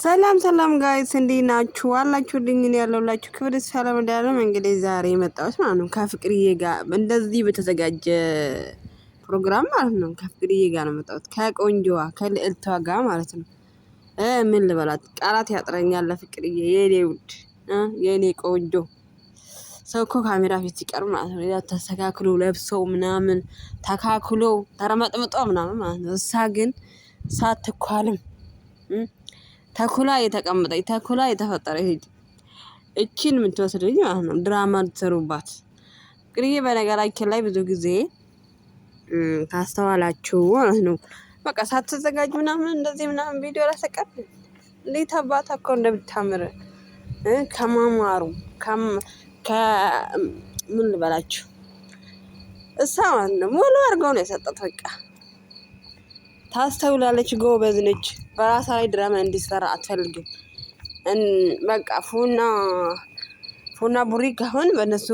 ሰላም ሰላም ጋይስ እንዴት ናችሁ? አላችሁ እኔ ያለውላችሁ ክብር ሰላም እንዳለም። እንግዲህ ዛሬ የመጣሁት ማለት ነው ከፍቅርዬ ጋር እንደዚህ በተዘጋጀ ፕሮግራም ማለት ነው ከፍቅርዬ ጋር ነው የመጣሁት ከቆንጆዋ ከልዕልቷ ጋር ማለት ነው። ምን ልበላት ቃላት ያጥረኛል። ለፍቅርዬ የኔ ውድ የኔ ቆንጆ ሰው እኮ ካሜራ ፊት ሲቀርብ ማለት ነው ተስተካክሎ ለብሶ ምናምን ተካክሎ ተረመጥምጦ ምናምን ማለት ነው። እሳ ግን ሳትኳልም ተኩላ የተቀመጠች ተኩላ የተፈጠረች ልጅ እችን የምትወስድ ልጅ ማለት ነው። ድራማ ትሰሩባት እንግዲህ። በነገራችን ላይ ብዙ ጊዜ ካስተዋላችሁ ማለት ነው በቃ ሳትዘጋጅ ምናምን እንደዚህ ምናምን ቪዲዮ ላሰቀል እንዴት አባት እኮ እንደምታምር ከማማሩ ምን ልበላችሁ እሳ ማለት ነው ሙሉ አድርገው ነው የሰጠት በቃ ታስተውላለች። ጎበዝ ነች። በራሳ ላይ ድራማ እንዲሰራ አትፈልግም። በቃ ፉና ፉና ቡሪ ካሁን በእነሱ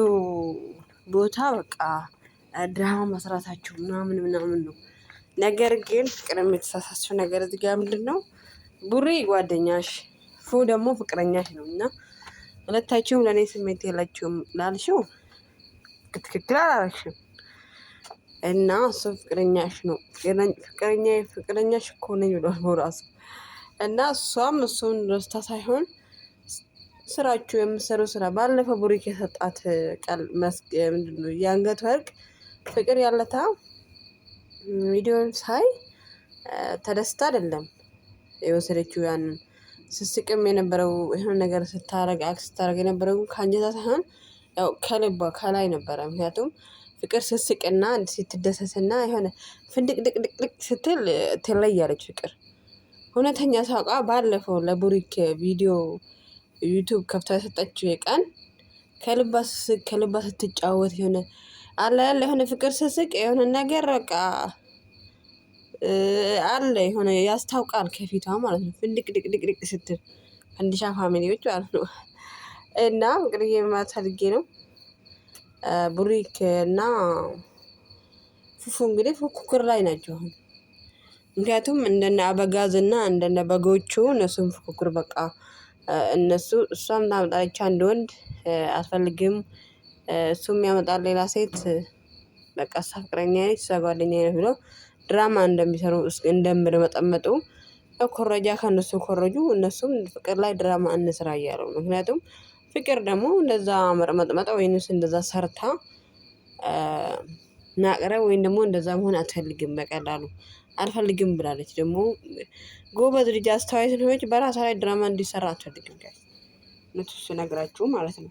ቦታ በቃ ድራማ መስራታቸው ምናምን ምናምን ነው። ነገር ግን ፍቅርም የተሳሳቸው ነገር እዚህ ጋር ምንድን ነው ቡሪ ጓደኛሽ፣ ፉ ደግሞ ፍቅረኛሽ ነው እና ሁለታችሁም ለእኔ ስሜት የላችሁም ላልሽው ትክክል አላረግሽም። እና እሱ ፍቅረኛሽ ነው ፍቅረኛ ፍቅረኛሽ እኮ ነኝ ብሏል በራሱ እና እሷም እሱን ረስታ ሳይሆን ስራችሁ የምሰሩ ስራ ባለፈው ቡሪክ የሰጣት ቃል ምንድን የአንገት ወርቅ ፍቅር ያለታ ቪዲዮን ሳይ ተደስታ አይደለም የወሰደችው ያንን ስስቅም የነበረው ይሆን ነገር ስታረግ አክስ ስታረግ የነበረው ከአንጀታ ሳይሆን ያው ከልቧ ከላይ ነበረ ምክንያቱም ፍቅር ስትስቅና ስትደሰስና የሆነ ፍንድቅ ድቅድቅድቅ ስትል ትለያለች ፍቅር። እውነተኛ ሳቋ ባለፈው ለቡሪክ ቪዲዮ ዩቱብ ከፍታ የሰጠችው የቀን ከልባ ስትጫወት የሆነ አለ ያለ የሆነ ፍቅር ስስቅ የሆነ ነገር በቃ አለ የሆነ ያስታውቃል ከፊቷ ማለት ነው። ፍንድቅ ድቅድቅድቅ ስትል ፈንዲሻ ፋሚሊዎች ማለት ነው። እና እንግዲህ የማታድጌ ነው ቡሪክ እና ፉፉ እንግዲህ ፉክክር ላይ ናቸው። ምክንያቱም እንደነ አበጋዝ እና እንደነ በጎቹ እነሱም ፉክክር በቃ እነሱ እሷም ታመጣለች አንድ ወንድ አትፈልግም፣ እሱም ያመጣል ሌላ ሴት በቃ እሷ ፍቅረኛ ነች እሷ ጓደኛ ነች ብለው ድራማ እንደሚሰሩ እንደምደመጠመጡ ኮረጃ ከእነሱ ኮረጁ እነሱም ፍቅር ላይ ድራማ እንስራ እያሉ ምክንያቱም ፍቅር ደግሞ እንደዛ መጥመጣ ወይንስ እንደዛ ሰርታ ማቅረብ ወይም ደግሞ እንደዛ መሆን አትፈልግም። በቀላሉ አልፈልግም ብላለች። ደግሞ ጎበዝ ልጅ አስተዋይ ስለሆነች በራሷ ላይ ድራማ እንዲሰራ አትፈልግም። ጋይስ እውነቱ ስነግራችሁ ማለት ነው።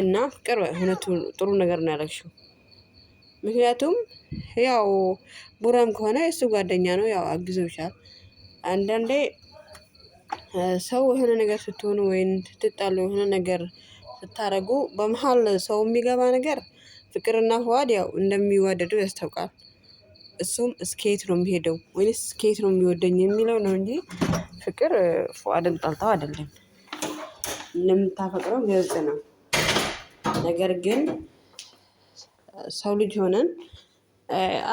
እና ፍቅር እውነቱ ጥሩ ነገር ነው ያለችው። ምክንያቱም ያው ቡራም ከሆነ የእሱ ጓደኛ ነው፣ ያው አግዘውሻል። አንዳንዴ ሰው የሆነ ነገር ስትሆኑ ወይም ስትጣሉ የሆነ ነገር ስታደርጉ በመሀል ሰው የሚገባ ነገር ፍቅርና ፉአድ ያው እንደሚዋደዱ ያስታውቃል። እሱም እስከየት ነው የሚሄደው ወይስ እስከየት ነው የሚወደኝ የሚለው ነው እንጂ ፍቅር ፉአድን ጠልታው አይደለም። እንደምታፈቅረው ግልጽ ነው። ነገር ግን ሰው ልጅ ሆነን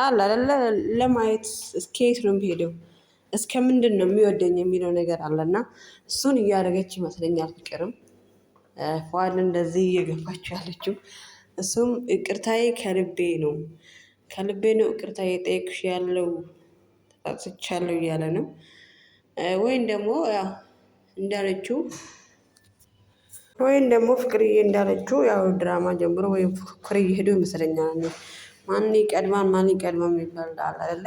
አለ አይደለ ለማየት እስከየት ነው የሚሄደው እስከ ምንድን ነው የሚወደኝ የሚለው ነገር አለና እሱን እያደረገች ይመስለኛል ፍቅርም ፏል እንደዚህ እየገፋች ያለችው። እሱም እቅርታዬ ከልቤ ነው ከልቤ ነው እቅርታዬ ጠየቅሽ ያለው ተጣጽቻለሁ እያለ ነው ወይም ደግሞ እንዳለችው ወይም ደግሞ ፍቅርዬ እንዳለችው ያው ድራማ ጀምሮ ወይም ፍቅር እየሄዱ ይመስለኛል። ማን ቀድማን ማን ቀድማ የሚባል አለ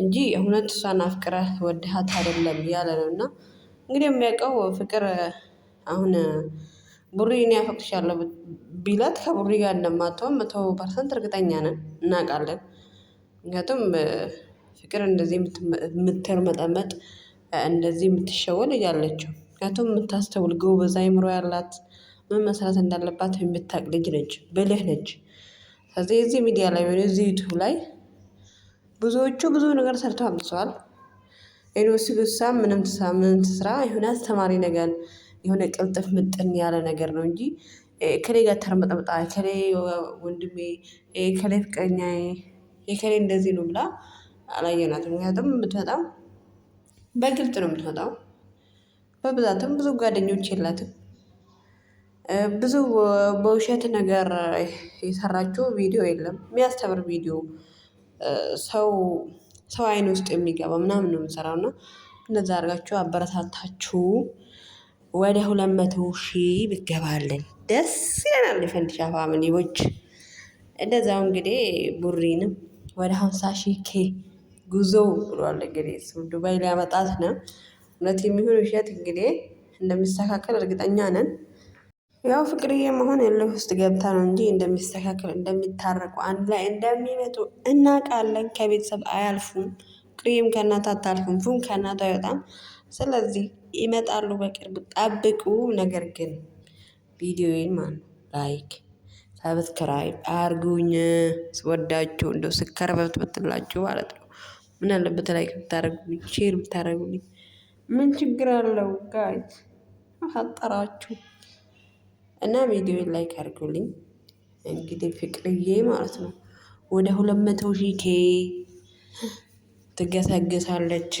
እንጂ እውነት እሷን አፍቅረህ ወድሃት አይደለም እያለ ነው። እና እንግዲህ የሚያውቀው ፍቅር አሁን ቡሪ እኔ አፈቅርሻለሁ ቢላት ከቡሪ ጋር እንደማትሆን መቶ ፐርሰንት እርግጠኛ ነን እናውቃለን። ምክንያቱም ፍቅር እንደዚህ የምትርመጠመጥ እንደዚህ የምትሸወል እያለችው ምክንያቱም የምታስተውል ጎበዝ አእምሮ ያላት ምን መስራት እንዳለባት የምታቅ ልጅ ነች ብልህ ነች። ስለዚህ እዚህ ሚዲያ ላይ ወይ እዚህ ዩቱብ ላይ ብዙዎቹ ብዙ ነገር ሰርተው አምጥተዋል። ዩኒቨርሲቲ ግሳ ምንም ምንም ትስራ የሆነ አስተማሪ ነገር የሆነ ቅልጥፍ ምጥን ያለ ነገር ነው እንጂ ከሌ ጋር ተርመጠምጣ ከሌ ወንድሜ ከሌ ፍቅረኛ የከሌ እንደዚህ ነው ብላ አላየናትም። ምክንያቱም የምትመጣው በግልጥ ነው የምትመጣው። በብዛትም ብዙ ጓደኞች የላትም። ብዙ በውሸት ነገር የሰራችው ቪዲዮ የለም የሚያስተምር ቪዲዮ ሰው ሰው አይን ውስጥ የሚገባ ምናምን ነው የምንሰራው እና እንደዛ አድርጋችሁ አበረታታችሁ ወደ ሁለት መቶ ሺህ ብገባለን ደስ ይለናል። የፈንዲሻ ፋሚሊዎች እንደዛው እንግዲህ ቡሪንም ወደ ሀምሳ ሺህ ኬ ጉዞ ብሏል። እንግዲህ እሱም ዱባይ ሊያመጣት ነው። እውነት የሚሆን ውሸት እንግዲህ እንደሚስተካከል እርግጠኛ ነን። ያው ፍቅርዬ መሆን ያለው ውስጥ ገብታ ነው እንጂ እንደሚስተካከል እንደሚታረቁ አንድ ላይ እንደሚመጡ እናውቃለን። ከቤተሰብ አያልፉም። ፍቅርዬም ከእናቷ አታልፉም፣ ፉም ከእናቷ አይወጣም። ስለዚህ ይመጣሉ በቅርብ ጠብቁ። ነገር ግን ቪዲዮዬን ማን ላይክ ሰብስክራይብ አርጉኝ። ስወዳችሁ እንደ ስከረበብት ብትላችሁ ማለት ነው። ምን አለበት ላይክ ብታደረጉኝ፣ ሼር ብታደረጉኝ ምን ችግር አለው? ጋይ አጠራችሁ እና ቪዲዮ ላይክ አድርጉልኝ። እንግዲህ ፍቅርዬ ማለት ነው ወደ ሁለት መቶ ሺህ ኬ ትገሰግሳለች።